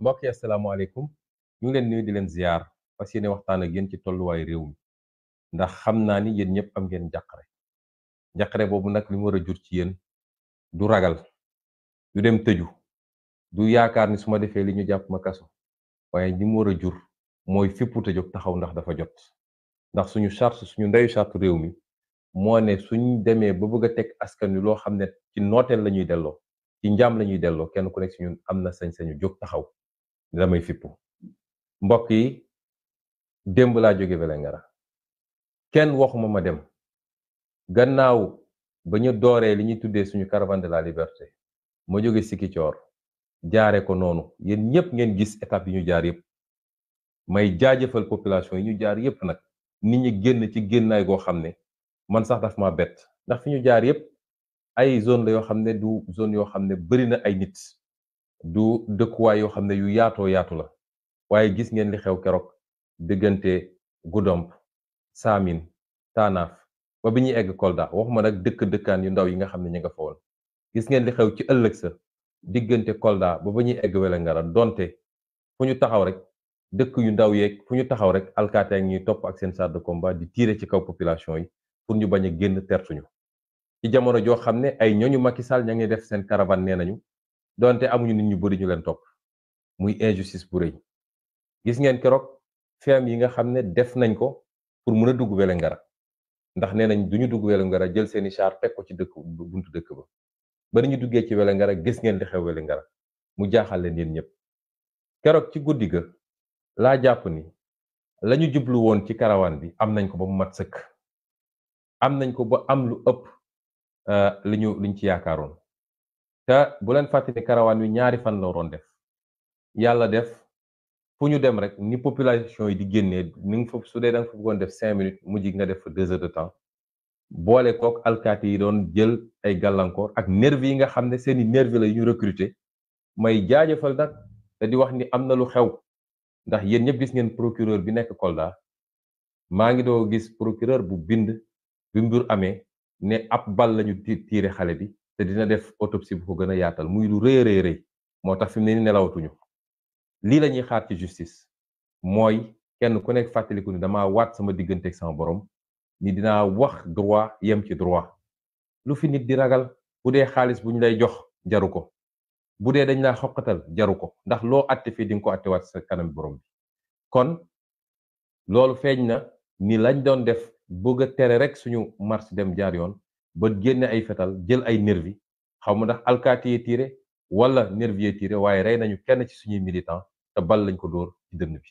mbokk yi asalaamaaleykum ñu ngi leen nuyu di leen ziar fas yéene waxtaan ak yéen ci tolluwaay réew mi ndax xam naa ni yéen ñëpp am ngeen njàqare njàqare boobu nag li mu war a jur ci yéen du ragal du dem tëju du yaakaar ni su ma defee li ñu jàpp ma kaso waaye li mu war a jur mooy fippu te jóg taxaw ndax dafa jot ndax suñu charte suñu ndeyu charte réew mi moo ne suñ demee ba bëgg a teg askan wi loo xam ne ci nooteel la ñuy delloo ci njaam la ñuy delloo kenn ku nekk si ñun am na sañ-sañu jóg taxaw. damay fippu mbokk yi démb laa jóge Vélingara kenn waxuma ma dem gannaaw ba ñu dooree li ñuy tuddee suñu caravane de la liberté ma jóge Sikicoor jaare ko noonu yéen ñëpp ngeen gis étape yi ñu jaar yëpp may jaajëfal population yi ñu jaar yëpp nag nit ñi génn ci génnaay goo xam ne man sax daf ma bett ndax fi ñu jaar yëpp ay zone la yoo xam ne du zone yoo xam ne bari na ay nit du dëkkuwaay yoo xam ne yu yaatoo yaatu la waaye gis ngeen li xew keroog diggante Goudomp Saamin Taanaaf ba bi ñuy egg Kolda waxuma nag dëkk dëkkaan yu ndaw yi nga xam ne ñu nga fa woon gis ngeen li xew ci ëllëg sa diggante Kolda ba ba ñuy egg Wélingara donte fu ñu taxaw rek dëkk yu ndaw yeeg fu ñu taxaw rek alkaati ak ñuy topp ak seen char de combat di tirer ci kaw population yi pour ñu bañ a génn tertuñu ci jamono joo xam ne ay ñooñu Macky Sall ña ngi def seen caravane nee nañu donte amuñu nit ñu bëri ñu leen topp muy injustice bu rëy gis ngeen keroog feem yi nga xam ne def nañ ko pour mun a dugg Vélingara ndax nee nañ ñu dugg Vélingara jël seeni char teg ko ci dëkk buntu dëkk ba ba ñu duggee ci Vélingara gis ngeen li xew Vélingara mu jaaxal leen yen ñëpp keroog ci guddi ga laa jàpp ni la ñu jublu woon ci karawaan bi am nañ ko ba mu mat sëkk am nañ ko ba am lu ëpp euh, li ñu liñ ci yaakaaroon te bu leen fàtte ne karawaan wi ñaari fan la waroon def yàlla def fu ñu dem rek ni population yi di génnee ni nga fa su dee da nga fa bëggoon def cinq minutes mujj nga def fa deux heures de temps boole kook alkaati yi doon jël ay gàllankoor ak nervi yi nga xam ne seeni nervi la yu ñu recruter may jaajëfal nag te di wax ni am na lu xew ndax yéen ñëpp gis ngeen procureur bi nekk Kolda maa ngi doo gis procureur bu bind bi mbir amee ne ab bal lañu tiire xale bi te dina def autopsie bu ko gën a yaatal muy lu rëy rëy rëy moo tax fi mu ne ni nelawatuñu lii la ñuy xaar ci justice mooy kenn ku nekk fàttaliku ni damaa waat sama diggante ak sama borom ni dinaa wax droit yem ci droit lu fi nit di ragal bu dee xaalis bu lay jox jaru ko bu dee dañ laa xoqatal jaru ko ndax loo atte fii di nga ko attewaat sa kanam borom bi kon loolu feeñ na ni lañ doon def bëgg tere rek suñu marche dem jaar yoon ba génne ay fetal jël ay nervi xaw ma ndax alkaati yee tiré wala nervi yee waaye rey nañu kenn ci suñuy militant te bal lañ ko dóor ci dënn bi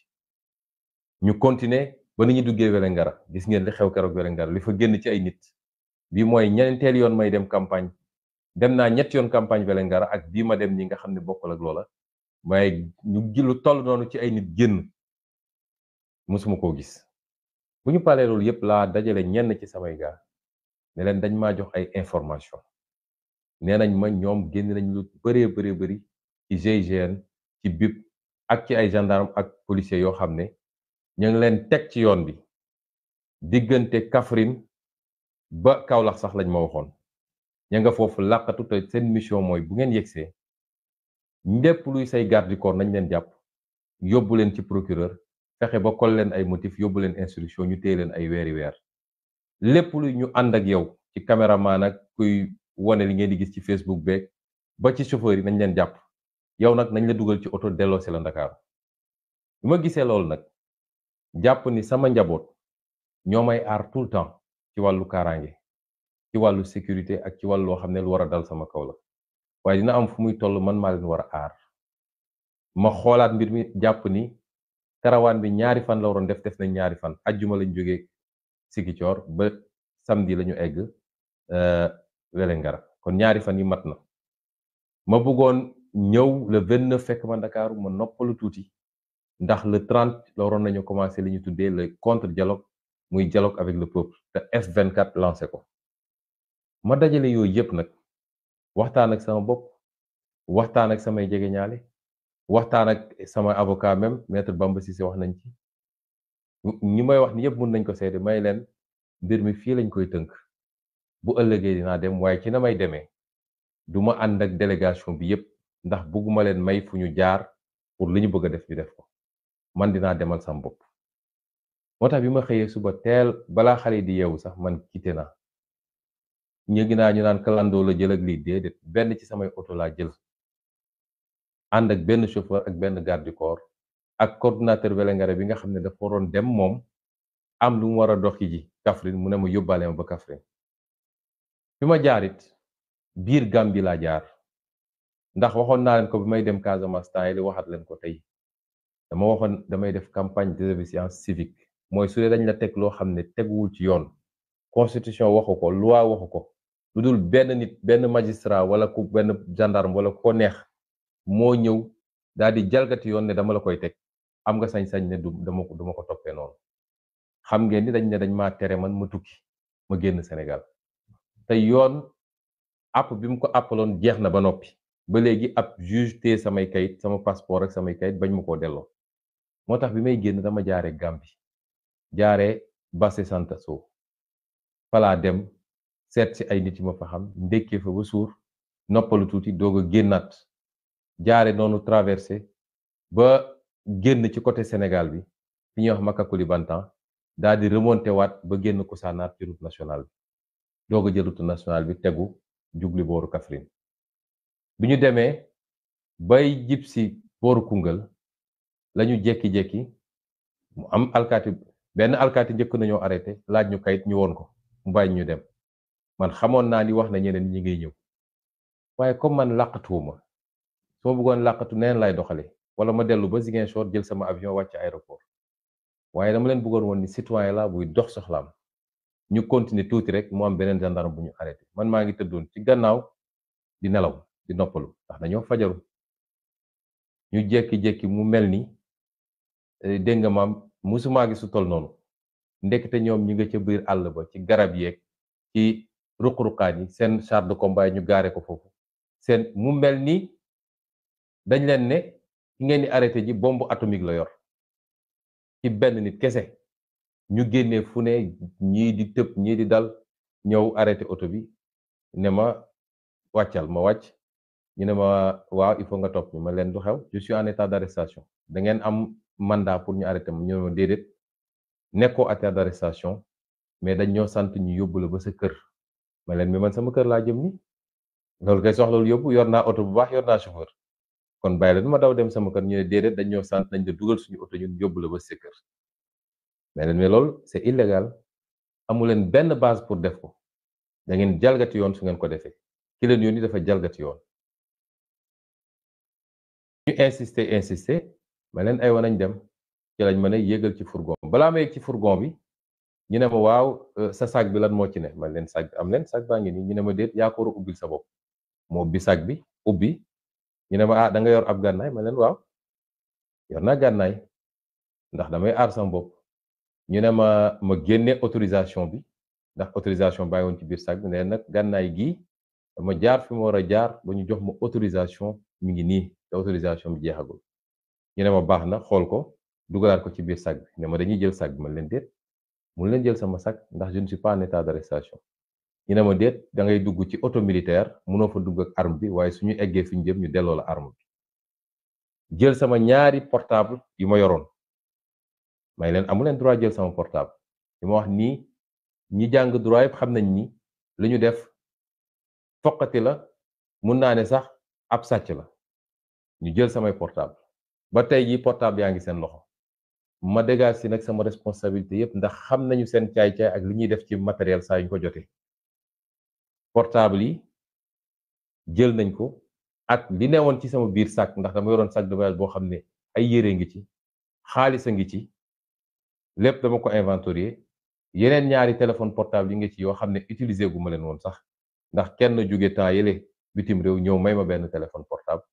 ñu continuer ba ni ñu duggee Vélingara gis ngeen li xew keroog Vélingara li fa génn ci ay nit bi mooy ñenteel yoon may dem campagne dem naa ñett yoon campagne Vélingara ak bii ma dem ñi nga xam ne bokkul ak loola waaye ñu gilu toll noonu ci ay nit génn mosuma koo gis bu ñu paree loolu yëpp laa dajale ñenn ci samay ne leen dañ maa jox ay information nee nañ ma ñoom génn nañ lu bëree bari bëri ci GIGN ci BIP ak ci ay gendarme ak policiers yoo xam ne ñu ngi leen teg ci yoon bi diggante Kaffrine ba Kaolack sax lañ ma waxoon ña nga foofu làqatu te seen mission mooy bu ngeen yegsee ndépp luy say garde corps nañ leen jàpp yóbbu leen ci procureur fexe ba kol leen ay motif yóbbu leen instruction ñu téye leen ay weeri weer lépp lu ñu ànd ak yow ci caméraman nag kuy wane li ngeen di gis ci Facebook beeg ba ci chauffeur yi nañ leen jàpp yow nag nañ la dugal ci oto delloo si la Ndakaaru bi ma gisee loolu nag jàpp ni sama njaboot ñoo may aar tout le temps ci wàllu kaaraange ci wàllu sécurité ak ci wàllu loo xam ne lu war a dal sama kaw la waaye dina am fu muy toll man maa leen war a aar ma xoolaat mbir mi jàpp ni karawaan bi ñaari fan la waroon def def na ñaari fan ajjuma lañ jógee Sigicoor ba samedi la ñu egg Wélingara euh, kon ñaari fan yi mat na ma bëggoon ñëw le vingt neuf fekk ma Ndakaaru ma noppalu tuuti ndax le trente la waroon nañu commencé li ñu tuddee le contre dialogue muy dialogue avec le peuple te F24 lancé ko ma dajale yooyu yëpp nag waxtaan ak sama bopp waxtaan ak samay jege ñaale waxtaan ak sama avocat même maître Bamba Cissé wax nañ ci ñi may wax ni yëpp mun nañ ko seede may leen mbir mi fii lañ koy tënk bu ëllëgee dinaa dem waaye ci na may demee du ma ànd ak délégation bi yëpp ndax bëgguma leen may fu ñu jaar pour li ñu bëgg a def ñu def ko man dinaa demal sam bopp moo tax bi ma xëyee suba teel balaa xale di yeewu sax man quitté naa ñëgi naa ñu naan kalandoo la jël ak lii déedéet benn ci samay oto laa jël ànd ak benn chauffeur ak benn garde ak coordonnateur Vélingara bi nga xam ne dafa waroon dem moom am lu mu war a doxi ji Kaffrine mu ne ma yóbbaale ma ba Kaffrine fi ma jaarit biir Gàmbi laa jaar ndax waxoon naa leen ko bi may dem Casamance temps yi li waxaat leen ko tey dama waxoon damay def campagne de désobéissance civique mooy su dañ la teg loo xam ne teguwul ci yoon constitution waxu ko loi waxu ko lu dul benn nit benn magistrat wala ku benn gendarme wala ku ko neex moo ñëw daal di jalgati yoon ne dama la koy teg am nga sañ-sañ ne du dama ko dama ko toppee noonu xam ngeen ni dañ ne dañ maa tere man ma tukki ma génn senegal te yoon àpp bi mu ko àppaloon jeex na ba noppi ba léegi ab juge samay kayit sama passeport ak samay kayit bañ ma koo delloo moo tax bi may génn dama jaare Gambie jaare Basse Santasso falaa dem seet si ay nit yi ma fa xam ndekkee fa ba suur noppalu tuuti doog a génnaat jaare noonu traversé ba génn ci côté Sénégal bi fi ñuy wax Makacoulibantang daal di remonté waat ba génn Kousanaar ci route nationale bi doog a jël route nationale bi tegu jubli booru Kaffrine bi ñu demee bay jib si booru Koungheul lañu jekki-jekki mu am alkaati benn alkaati njëkk nañoo arrêté laaj ñu kayit ñu woon ko mu ñu dem man xamoon naa ni wax na ñeneen ñi ngay ñëw waaye comme man làqatuwuma su ma bëggoon làqatu neen lay doxale wala ma dellu ba Ziguinchor jël sama avion wàcc aéroport waaye dama leen bëggoon woon ni citoyen la buy dox soxlaam ñu continuer tuuti rek mu am beneen gendarme bu ñu arrêté man maa ngi tëddoon ci gannaaw di nelaw di noppalu ndax dañoo fajaru ñu jékki-jékki mu mel ni eh, dégg nga maam musumaa gi su tol noonu ndekete ñoom ñu nga ca biir àll ba ci garab yeeg ci ruq-ruqaan yi seen char de combat yi ñu gaare ko foofu seen mu mel ni leen ne ki ngeen di arrêté ji bombe atomique la yor ci benn nit kese ñu génnee fu ne ñii di tëb ñii di dal ñëw arreté oto bi ne ma wàccal ma wàcc ñu ne ma waaw il faut nga topp ñu ma leen du xew je suis en état d'arrestation da ngeen am mandaa pour ñu arrêté ma ñu ne ma déedéet nekkoo état d'arrestation mais dañ ñoo sant ñu yóbbu la ba sa kër ma leen mi man sama kër laa jëm ni loolu kay soxla lu yóbbu yor naa oto bu baax yor naa chauffeur kon bàyyi la du ma daw dem sama kër ñu ne déedéet dañ ñoo sant nañ la dugal suñu oto ñun yóbbu la ba sa kër mais leen mais loolu c'est illegal amu leen benn base pour def ko da ngeen jalgati yoon su ngeen ko defee ki leen yoon yi dafa jalgati yoon ñu insiste insister ma leen ay wanañ dem ci lañ mën a yégal ci fourgon balaa ma yëg ci fourgon bi ñu ne ma waaw euh, sa sac bi lan moo ci ne ma leen sac am leen sac baa ngi nii ñu ne ma déet yaa ko war a ubbil sa bopp moo ubbi sac bi ubbi ñu ne ma ah da nga yor ab gànnaay ma leen waaw yor naa gànnaay ndax damay aar sama bopp ñu ne ma ma génne autorisation bi ndax autorisation bàyyi woon ci biir sac bi ne nag gànnaay gii dama jaar fi ma war a jaar ba ñu jox ma autorisation mi ngi nii te autorisation bi jeexagul ñu ne ma baax na xool ko dugalaat ko ci biir sag bi ne ma dañuy jël sag bi ma leen déet mu leen jël sama sag ndax je ne suis pas en état ñu ne ma déet da ngay dugg ci auto militaire mënoo fa dugg ak arme bi waaye suñu eggee fi ñu jëm ñu delloo la arme bi jël sama ñaari portable yi ma yoroon may leen amu leen droit jël sama portable yu ma wax nii ñi jàng droit yëpp xam nañ ni li ñu def foqati la mun naa ne sax ab sàcc la ñu jël samay portable ba tey jii portable yaa ngi seen loxo ma dégage si nag sama responsabilité yëpp ndax xam nañu seen caay-caay ak li ñuy def ci matériel saa yu ñu ko jotee portable yi jël nañ ko ak li newoon ci sama biir sac ndax dama yoroon sac de voyage boo xam ne ay yére ngi ci xaalis a ngi ci lép dama ko inventorier yeneen ñaari téléphone portable yi nga ci yoo xam ne utilisé gu ma leen woon sax ndax kenn jóge temps yële bitim réew ñëw may ma benn téléphone portable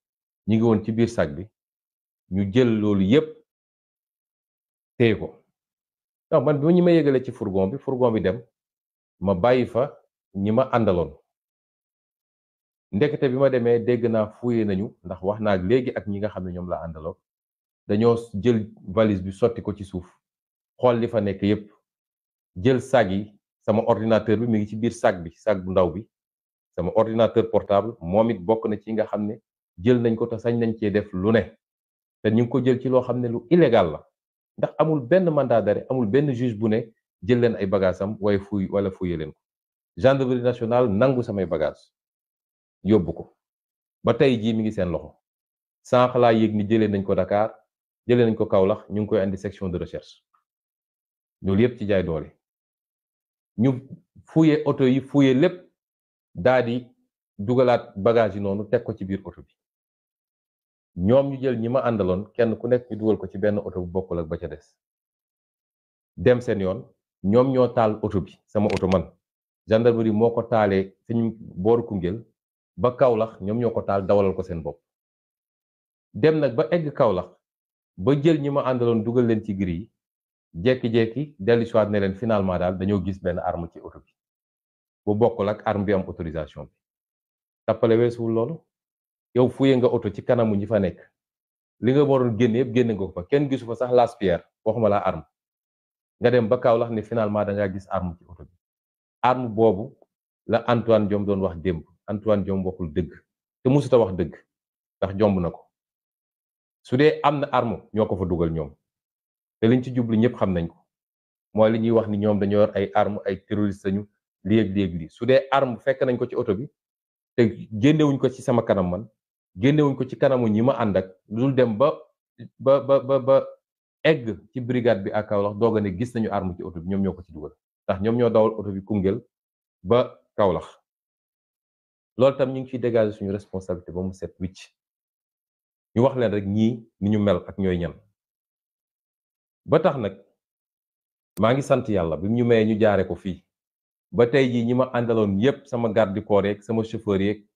ñi ngi woon ci biir sac bi ñu jël loolu yépp téye ko non man bi ñu ma yëgalee ci fourgon bi fourgon bi dem ma bàyyi fa ñi ma àndaloon ndekete bi ma demee dégg naa fuye nañu ndax wax naa léegi ak ñi nga xam ne ñoom laa àndaloon dañoo jël valise bi sotti ko ci suuf xool li fa nekk yépp jël saag yi sama ordinateur bi mi ngi ci biir saag bi sag bu ndaw bi sama ordinateur portable moom it bokk na ci nga xam ne jël nañ ko te sañ nañ cee def lu ne te ñu ngi ko jël ci loo xam ne lu illegal la ndax amul benn mandat d'arrêt amul benn juge bu ne jël leen ay bagaasam waaye fuy wala fuye leen ko gendarmerie nationale nangu samay bagage yóbbu ko ba tey jii mi ngi seen loxo sànq laa yëg ni jëlee nañ ko dakaar jële nañ ko Kaolack ñu ngi koy andi section de recherche loolu yëpp ci jaay doole ñu fouillé oto yi fuye lépp daa dugalaat bagage yi noonu teg ko ci biir oto bi ñoom ñu jël ñi ma àndaloon kenn ku nekk ñu dugal ko ci benn oto bu bokkul ak ba ca des dem seen yoon ñoom ñoo taal oto bi sama oto man. gendarmerie moo ko taalee suñu booru Koungheul ba Kaolack ñoom ñoo ko taal dawalal ko seen bopp dem nag ba egg kawlax ba jël ñi ma àndaloon dugal leen ci gri yi jékki-jékki dellu si waat ne leen finalement daal dañoo gis benn arme ci oto bi bu bokkul ak arme bi am autorisation bi tappale weesuwul loolu yow fuye nga oto ci kanamu ñi fa nekk li nga waroon génne yëpp génne nga ko fa kenn gisu fa sax las pierre laa arme nga dem ba Kaolack ne finalement da ngaa gis arme arm boobu la Antoine Diome doon wax démb Antoine Diome waxul dëgg te musuta wax dëgg ndax jomb na ko su dee am na arme ñoo ko fa dugal ñoom te liñ ci jublu ñëpp xam nañ ko mooy li ñuy wax ni ñoom dañoo yor ay arm ay terroriste lañu léeg-léeg lii su dee arme fekk nañ ko ci oto bi te génnewuñ ko ci sama kanam man génnewuñ ko ci kanamu ñi ma ànd ak dul dem ba ba ba ba egg ci brigade bi ak Kaolack doog a ne gis nañu arm ci oto bi ñoom ñoo ko ci dugal ndax ñoom ñoo dawal oto bi Koungheul ba Kaolack loolu tam ñu ngi ciy dégager suñu responsabilité ba mu set wicc ñu wax leen rek ñii ni ñu mel ak ñooy ñan ba tax nag maa ngi sant yàlla bi ñu mayee ñu jaare ko fii ba tey jii ñi ma àndaloon yépp sama garde du sama chauffeur yeeg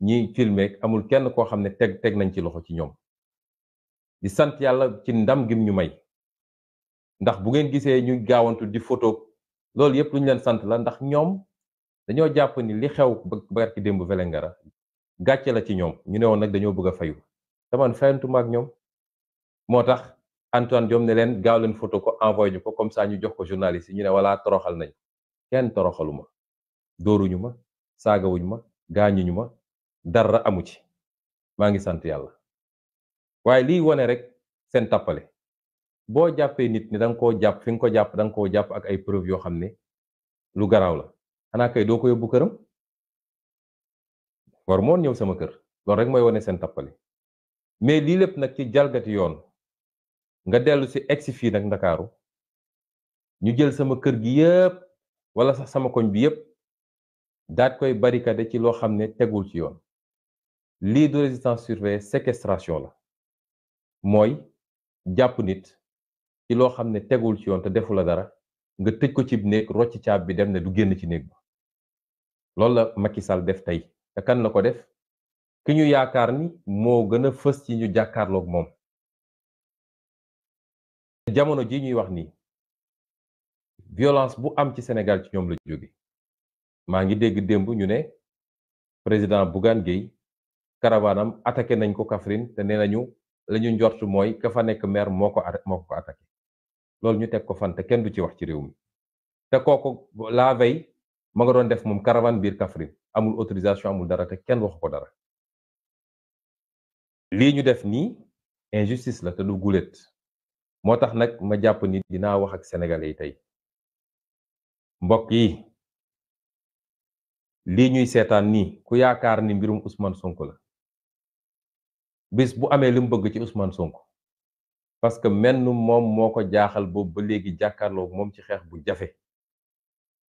ñiy filmer amul kenn koo xam ne teg teg nañ ci loxo ci ñoom di sant yàlla ci ndam gim ñu may ndax bu ngeen gisee ñu gaawantu di photo loolu yëpp lu leen sant la ndax ñoom dañoo jàpp ni li xew barki démb Vélingara gàcce la ci ñoom ñu ne woon nag dañoo bëgg a fayu taman fayantuma ak ñoom moo tax Antoine Diome ne leen gaaw leen photo ko envoyé ñu ko comme ça ñu jox ko journaliste yi ñu ne voilà toroxal nañ kenn toroxalu ma dóoruñu ma saagawuñu ma gaañuñu ma dara amu ci maa ngi sant yàlla waaye liy wone rek seen tappale boo jàppee nit ni da nga koo jàpp fi nga ko jàpp danga nga koo jàpp ak ay preuve yoo xam ne lu garaaw la xanaa kay doo ko yóbbu këram war moo ñëw sama kër loolu rek mooy wane seen tappale mais lii lépp nag ci jalgati yoon nga dellu si egsi fii nag ndakaaru ñu jël sama kër gi yépp wala sax sama koñ bi yépp daat koy barricade ci loo xam ne tegul ci yoon lii du résistance surveillée séquestration la mooy jàpp nit ci loo xam ne tegul ci yoon te defu la dara nga tëj ko ci néeg rocc caab bi dem ne du génn ci néeg ba loolu la Macky Sall def tey te kan la ko def ki ñu yaakaar ni moo gën a fës ci ñu jàkkaarlook moom jamono ji ñuy wax ni violence bu am ci senegal ci ñoom la jóge maa ngi dégg démb ñu ne président Bougane Gueye karawaanam attaqué nañ ko Kaffrine te nee nañu lañu ñu njort mooy ka fa nekk mer moo ko moo loolu ñu teg ko fan kenn du ci wax ci réew mi te kooku la veille ma nga doon def moom karawan biir Kaffrine amul autorisation amul dara te kenn waxu ko dara lii ñu def nii injustice la te du guléet moo tax nag ma jàpp ni dinaa wax ak sénégalais yi tey mbokk yi lii ñuy seetaan nii ku yaakaar ni mbirum usman Sonko la bis bu amee li mu bëgg ci Ousmane Sonko parce que menn moom moo ko jaaxal boobu ba léegi jàkkaarloo moom ci xeex bu jafe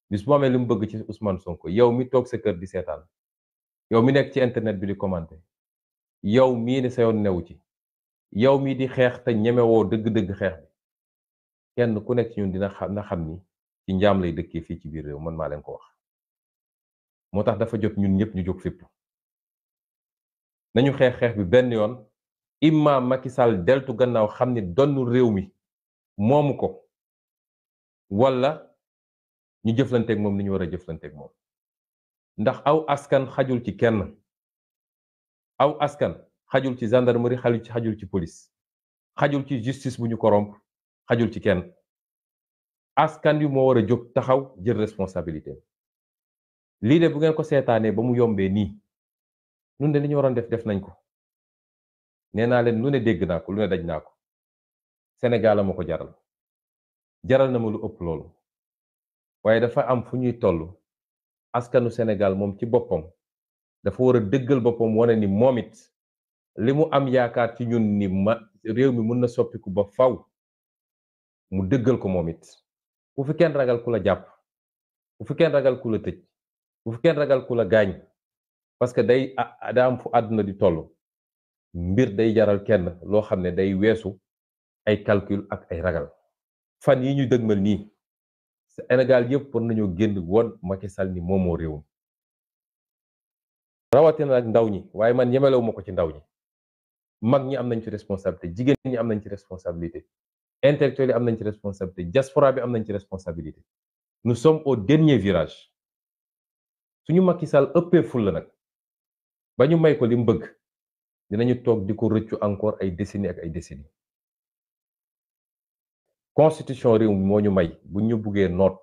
bis bu amee li mu bëgg ci Ousmane Sonko yow mi toog sa kër di seetaan yow mi nekk ci internet bi di commenté yow mii ne sa yoon newu ci yow mii di xeex te ñemewoo dëgg-dëgg xeex bi kenn ku nekk ci ñun dina xam na xam ni ci njaam lay dëkkee fii ci biir réew man maa leen ko wax moo tax dafa jot ñun ñëpp ñu jóg fépp nañu xeex xeex bi benn yoon. imma Macky Sall deltu gannaaw xam ni donnu réew mi moomu ko wala ñu jëflanteeg moom ni ñu war a jëflanteeg moom ndax aw askan xajul ci kenn aw askan xajul ci gendarmerie xajul ci xajul ci police xajul ci justice bu ñu corrompre xajul ci kenn askan wi moo war a jóg taxaw jël responsabilité lii de bu ngeen ko seetaanee ba mu yombee nii nun de li ñu waroon def def nañ ko nee naa leen lu ne dégg naa ko lu ne daj naa ko Sénégal ko jaral jaral na ma lu ëpp loolu waaye dafa am fu ñuy tollu askanu Sénégal moom ci boppam dafa war a dëggal boppam wane ni moomit li mu am yaakaar ci ñun ni ma réew mi mën na soppiku ba faw mu dëggal ko moom it bu fi kenn ragal ku la jàpp bu fi kenn ragal ku la tëj bu fi kenn ragal ku la gaañ parce que day ah, daam fu àdduna di tollu mbir day jaral kenn loo xam ne day weesu ay calcul ak ay ragal fan yi ñu dëgmal nii Sénégal yëpp war nañoo génn woon Macky ni moom moo réewum rawatina nag ndaw ñi waaye man yemelewu ma ko ci ndaw ñi mag ñi am nañ ci responsabilité jigéen ñi am nañ ci responsabilité intellectuel yi am nañ ci responsabilité diaspora bi am nañ ci responsabilité nu sommes au dernier virage suñu Macky Sall ëppee ful la nag ba ñu may ko li mu bëgg dinañu toog di ko rëccu encore ay décennies ak ay décennies constitution réew mi moo ñu may bu ñu buggee noot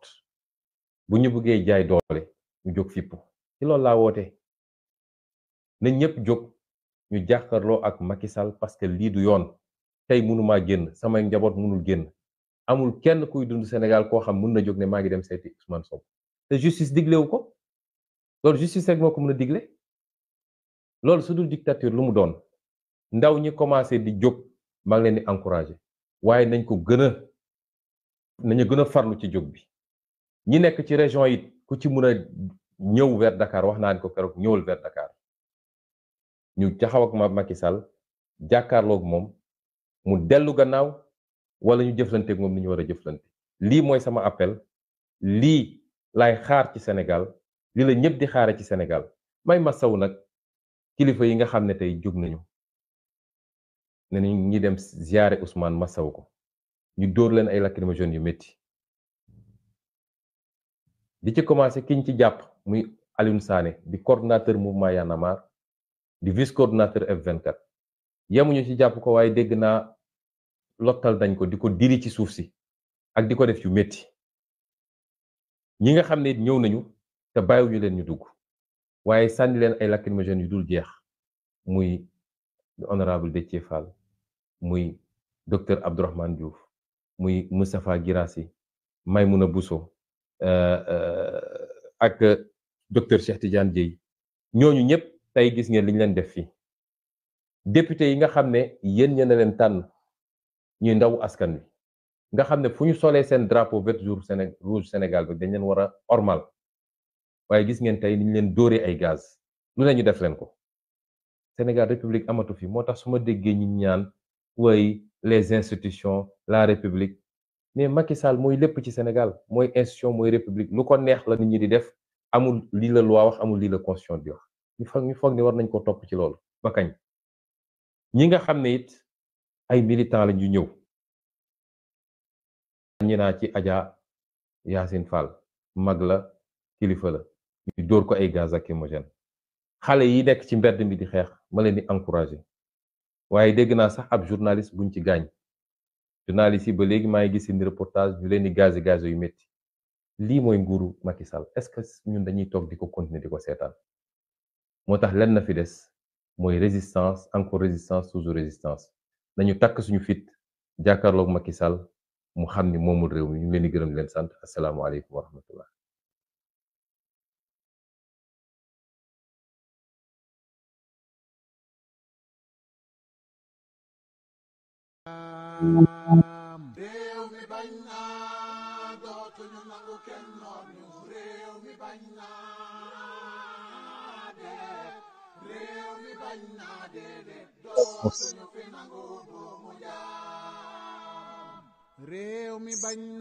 bu ñu buggee jaay doole ñu jóg fippu ci loolu laa woote na ñëpp jóg ñu jàkkaarloo ak Macky Sall parce que lii du yoon tey mënumaa génn samay njaboot mënul génn amul kenn kuy dund senegal koo xam mën na jóg ne maa ngi dem seeti Ousmane Sonko te justice diglewu ko loolu justice rek moo ko mën a digle loolu su dul dictature lu mu doon ndaw ñi commencé di jóg mag ngi leen di encouragé waaye nañ ko gën a nañu gën a farlu ci jóg bi ñi nekk ci région yi ku ci mun a ñëw vers Dakar wax naa ni ko keroog ñëwal vers Dakar ñu jaxaw ma Macky Sall jàkkaarloog moom mu dellu gannaaw wala ñu jëflanteeg moom ni ñu war a jëflante lii mooy sama appel lii lay xaar ci senegal lii la ñëpp di xaare ci senegal may ma saw nag kilifa yi nga xam ne tey jóg nañu ne ñu ngi dem ziare Ousmane Massaw ko ñu dóor leen ay lacrymogènes yu métti di ci commencé kiñ ci jàpp muy Alioune Sané di coordonnateur mouvement Y'en di vice cordinateur F24 yemuñu ci jàpp ko waaye dégg naa lottal dañ ko di ko diri ci suuf si ak di ko def yu metti ñi nga xam ne ñëw nañu te bàyyiwuñu leen ñu dugg. waaye sànni leen ay lacrymogènes yu dul jeex muy honorable Déthié Fall muy docteur Abdourahmane Diouf muy Moustapha Guirassy Maimouna Bousso euh, euh, ak docteur Cheikh Tidiane Dièye ñooñu ñëpp tey gis ngeen liñ leen def fii député yi nga xam ne yéen ña na leen tànn ñuy ndaw askan wi nga xam ne fu ñu solee seen drapeau vert jour Sénégal rouge Sénégal bi dañ leen war a ormal waaye gis ngeen tey niñ leen dóoree ay gaz lu ne ñu def leen ko Sénégal république amatu fi moo tax su ma déggee ñi ñaan way les institutions la république mais Macky Sall mooy lépp ci Sénégal mooy institution mooy république lu ko neex la nit ñi di def amul lii la loi wax amul lii la constitution bi wax ñu foog ni war nañ ko topp ci loolu ba kañ ñi nga xam ne it ay militants la ñu ñëw ñi naa ci Adja Yacine Fall mag la kilifa la ñu dóor ko ay gaz ak lacrymogène xale yi nekk ci mbedd mi di xeex ma leen di encouragé waaye dégg naa sax ab journaliste buñ ci gaañ journaliste yi ba léegi maa ngi gis seen reportage ñu leen di gazé gazé yu metti lii mooy nguuru Macky Sall est-ce que ñun dañuy toog di ko continuer di ko seetaan moo tax lenn na fi des mooy résistance encore résistance toujours résistance nañu takk suñu fit jàkkaarloog Macky sal mu xam ni moomul réew mi ñu ngi leen di gërëm di leen sant asalaamualeykum wa naam réew mi bañ na dootuñu nangu kenn noon ñu réew mi bañ na de réew mi bañ na déedéet dootuñu fi nangu doomu jaam